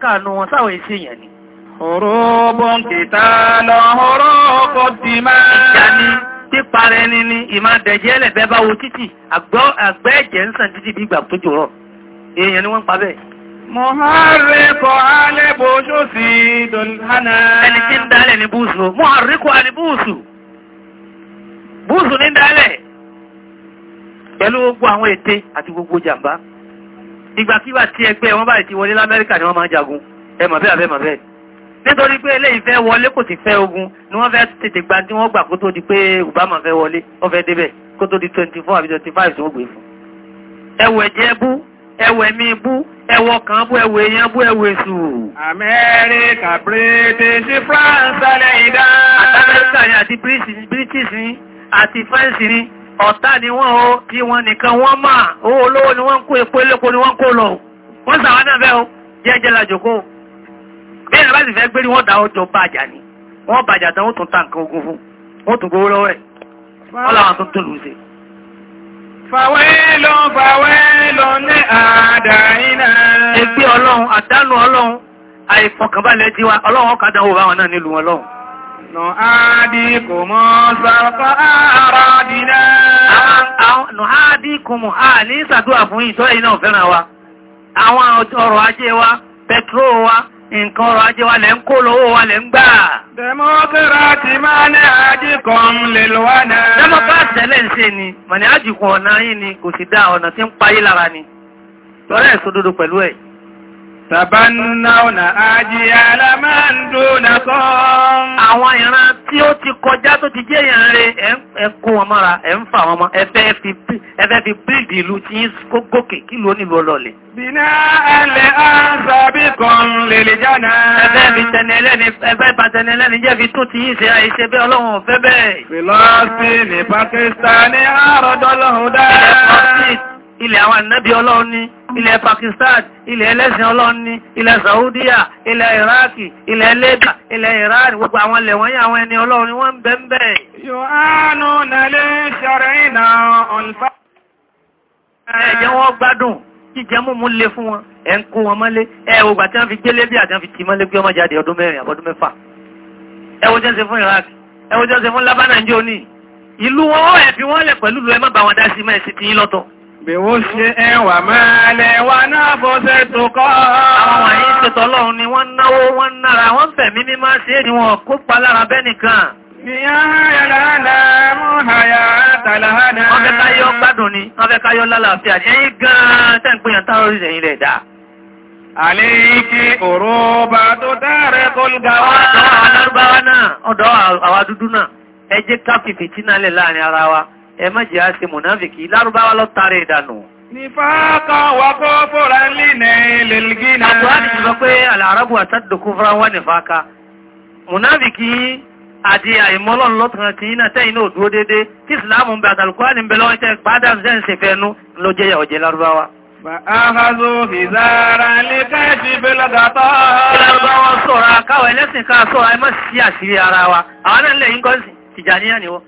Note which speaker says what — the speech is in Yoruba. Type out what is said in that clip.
Speaker 1: káànú wọn sáwọn èsì èèyàn ni. Òróbọ̀n kìtà ni pípa rẹ ni ni ìmá dẹ̀jẹ́ lẹ̀bẹ̀ bá wo títì àgbẹ́ Mọ̀hárẹ́kọ̀ alẹ́bò ṣòsì Dọ̀lhánà. Ẹni tí ń dálẹ̀ ní búùsù. Mọ̀hárẹ́kọ̀ alẹ́ búùsù. Búùsù ní dálẹ̀. Pẹ̀lú gbogbo àwọn ète àti gbogbo jàmbá ìgbàkígbà tí ẹgbẹ́ wọn báyìí ti wọlé l'Amẹ́ríkà ni wọ́n máa jagun ẹmọ̀ bẹ́ẹ̀ bẹ́ẹ̀ bẹ́ẹ̀ nítorí pé eléyìí fẹ́ wọlé kò sì fẹ́ ogun ni wọ́n fẹ́ tètè gba tí wọ́n gbà kó tó di pé Obama fẹ́ wọlé ó fẹ́ débẹ̀ kó tó di 24 àbí 25 tó gbé fún ẹwẹ̀ jẹ́ bú ẹwẹ̀ mi bú ẹwọ kan bú ẹwẹ̀ èèyàn bú ẹwẹ̀ èṣù Amẹ́ríkà British France alẹ́ ìdá àti Amẹ́ríkà ni àti British ni àti France ni ọ̀tá ni wọ́n o kí wọ́n nìkan wọ́n máa owó olówó ni wọ́n ń kó epo eléko ni wọ́n kó lọ wọ́n sàwọn náà fẹ́ o jẹ́jẹ́ lajòkó bẹ́ẹ̀ ni bá sì fẹ́ gbé ní wọ́n dá ọjọ́ bàjá ni wọ́n bàjá tán ó tún ta nǹkan ogun fún ó tún gbowó lọ́wọ́ ẹ̀ wọ́n làwọn tó tún lù ú sí. fàwẹ́lọ fàwẹ́lọ ní àdá iná. ẹgbẹ́ ọlọ́run àdánù ọlọ́run àìfọkànbalẹ̀ tiwa ọlọ́run ọ̀kadà báwọn náà nílùú ọlọ́run. nà á di kò mọ́ sàkọ́ á. kúmù a ní ṣàdúrà fún yìí sọ́yìn náà fẹ́ràn wa àwọn ọrọ̀ ajé wa petro wa nǹkan ọrọ̀ ajé wa lẹ́ ń kó lọ́wọ́ wa lẹ́ ń gbà. demokirati na ni e so dodo e. tàbánú náà ọ̀nà àjí alámàndó nàkọ́. àwọn ìran tí ó ti kọjá tó ti jẹ́ èèyàn rẹ̀ ẹ kó wọn mọ́ra ẹ ń fà wọn mọ́ ẹfẹ́ fi bíìdì ìlú tí ń gòkè kí ló nílò ọlọ́lẹ̀. bìnà ẹlẹ́ àṣàbí kan lèlè jánà. ẹfẹ́ fi tẹ̀lé ẹlẹ́ni ẹfẹ́ bá tẹ̀lé ẹlẹ́ni jẹ́ fi tún ti yín ṣe àìṣe bẹ́ẹ̀ ọlọ́run ọ̀fẹ́ bẹ́ẹ̀. fìlọ́sì ní Pakistan ní àròdọ́lọ́hùn dáa ilẹ̀ àwọn ànábì ọlọ́run ní ilẹ̀ Pakistan ilẹ̀ ẹlẹ́sìn ọlọ́run ní ilẹ̀ Saudiya ilẹ̀ Iraki ilẹ̀ leda ilẹ̀ Iran gbogbo àwọn ilẹ̀ wọ̀nyí àwọn ẹni ọlọ́run wọ́n ń bẹ ń bẹ. fún wọn ń jẹ́ ń ìlú wọn ó ẹ̀ fi lẹ̀ pẹ̀lú lu wọn dá sí mẹ́ẹ̀sì tí yín lọ́tọ̀. Bèwóṣe ẹwà máa lẹ́wà náà fọ́sẹ́ tó kọ́. Àwọn wọ̀nyí ń ṣètò ọlọ́run ni wọ́n náwó wọ́n nára wọ́n fẹ̀mí ní máa ṣe é ni wọ́n kó pa lára bẹ́nìkan. Ni a yàrá láàmú àyà àtàlàhánà. Wọ́n fẹ́ káyọ́ gbádùn ni, wọ́n fẹ́ káyọ́ lálàáfíà. Ẹ̀yin gan-an tẹ́ ń pè yàn táwọn orí ẹ̀yìn rẹ̀ òró bá tó dáre kólgá wá. Ọ̀dọ́ àwọn alárúbáwá náà, ọ̀dọ́ àwa dúdú náà, ẹ jẹ́ ká fìfìtínálẹ̀ láàrin ara wa ẹ má jẹ́ àti mùnáfìkì lárúbáwá lọ tààrẹ ìdànù Nìfáàkàn wà kó fòrà lè nẹ̀ lèlgínà. Àtúwádìí ti sọ pé àlàáràbù àtàdùkú fúnra wọ́n nìfáàkà. Mùnáfìkì àti àìmọ́lọ́n lọ́tàn tí iná tẹ́yìn náà dúró dédé tí ìsìláàmù ń bẹ àtàlùkọ́ ní bẹ̀lọ́ ìtẹ́ pàdà zẹ́ǹsì fẹ́nu ló jẹ́ ọ̀jẹ́ lárúbáwá. Fàáhàzó ìzára lè káàkiri bẹ́lọ́gàtọ́. Lárúbáwá sọ̀rọ̀